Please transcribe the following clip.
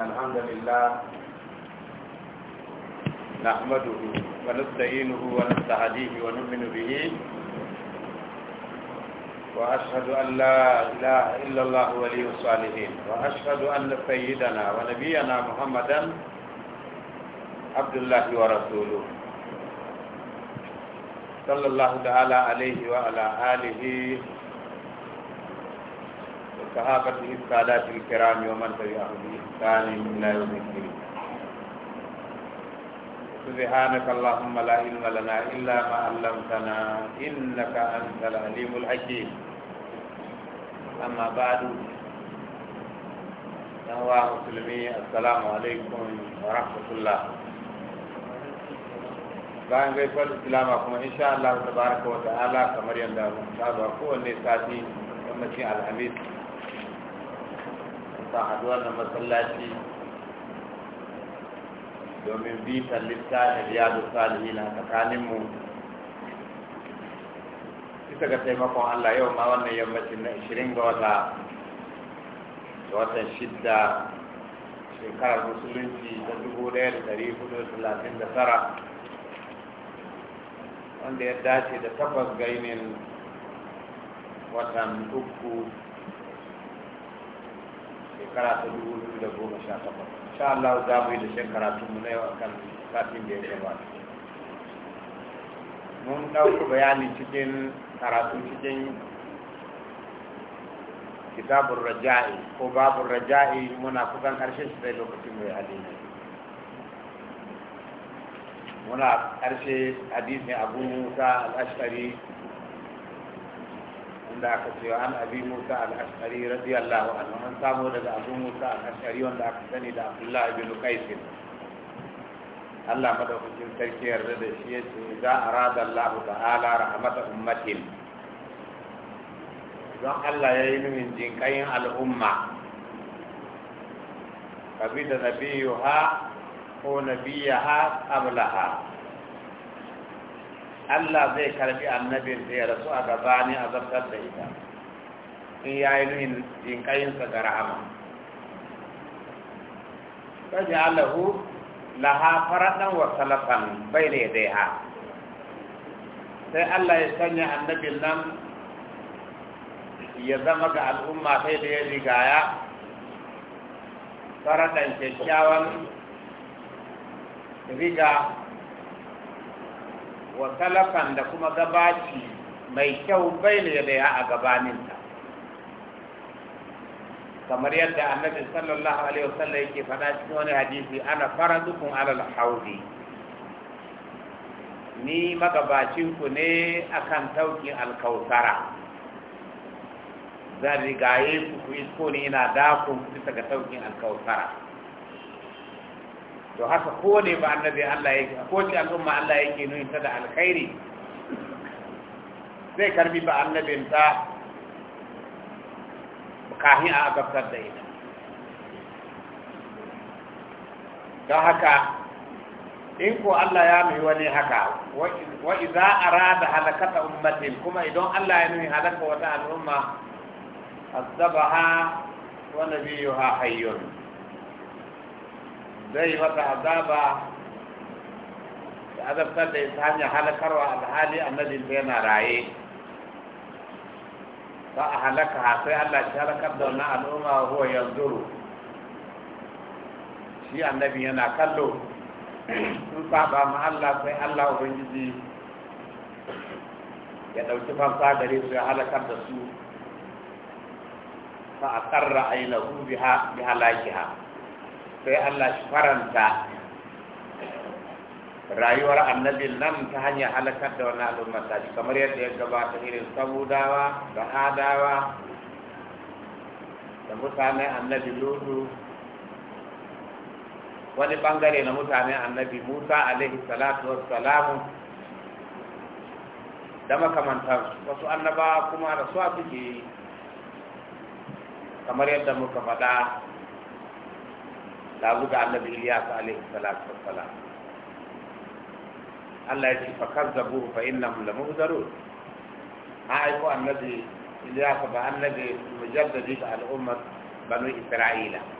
إن الحمد لله نحمده ونستعينه ونستهديه ونؤمن به وأشهد أن لا إله إلا الله ولي الصالحين وأشهد أن سيدنا ونبينا محمدا عبد الله ورسوله صلى الله تعالى عليه وعلى آله والصحابة السادات الكرام ومن تبعهم بإحسان إلى يوم الدين سبحانك اللهم لا علم لنا إلا ما علمتنا إنك أنت العليم الحكيم أما بعد نوى مسلمي السلام عليكم ورحمة الله bayan غير islama kuma insha Allah tabaraka wa ta'ala kamar yadda muka saba kowanne sati yammacin alhamis muka haɗu wannan masallaci domin bitan littafin riyadu salihin a tsakaninmu bisa ga taimakon Allah yau ma wannan yammacin na 20 ga wata da watan shidda shekarar musulunci ta 1439 wanda ya dace da takwas gainin watan uku shekara ta dubu biyu da goma sha takwas insha Allah za mu yi da shekara mu na yau akan satin da ya gabata mun ɗauki bayani cikin karatu cikin kitabun raja'i ko babun raja'i muna kusan ƙarshen shi sai lokacin mai hadisi muna ƙarshe hadisin abu musa al'ashari hadisin da aka ce an abi musa al-ashari radiyallahu anhu an samu daga abu musa al-ashari wanda aka sani da abdullah ibn qais Allah madaukakin sarki yarda da shi yace za arada Allah ta'ala rahmata ummatin don Allah ya yi nuhin jinkayin al'umma kabi da nabiyu ha ko nabiya ha ha. Allah zai karbi annabin ya rasu a a zartar da ita in ya yi nuhin jinkayinsa ga rahama kaji alahu laha faraɗan wa salafan bai ne dai ha sai Allah ya sanya annabin nan ya zama ga al'umma sai da ya rigaya faraɗan kyakkyawan riga wa da kuma gabaci mai kyau bai ne da ya a gabaninta kamar yadda annabi sallallahu alaihi wasallam yake faɗa cikin wani hadisi ana faradukun alal haudi ni magabacin ku ne akan taukin alkautara zan rigaye ku ku isko ni ina ku bisa ga taukin alkautara to haka ko ne ba annabi Allah yake kowace al'umma Allah yake nuni ta da alkhairi zai karbi ba annabin ta kahi a gabtar da ita don haka in ko Allah ya mai wani haka wa idza arada halakata ummatin kuma idan Allah ya nuni halaka wata al'umma azabaha wa nabiyuha hayyun zai masa azaba da azabtar da ita hanyar halakarwa alhali nadin ta yana raye ba a halaka sai Allah shi halakar da wannan al'umma huwa yanzu shi annabi yana kallo sun saba ma Allah sai Allah ubangiji ya ɗauki fansa gare su ya halakar da su fa a karra ainihu bi halakiha sai Allah shi faranta rayuwar annabi nan ta hanyar halakar da wani al'ummar ta kamar yadda ya gabata irin sabudawa da hadawa da mutane annabi lulu wani bangare na mutane annabi musa alaihi salatu wassalamu da makamantar wasu annabawa kuma da su suke kamar yadda muka faɗa labu da annabi Ilyas alaihi salatu wassalam Allah ya ce fa kazzabu fa innahum lamuhdarun a aiko annabi Ilyas ba annabi mujaddadi ga al'ummar banu Isra'ila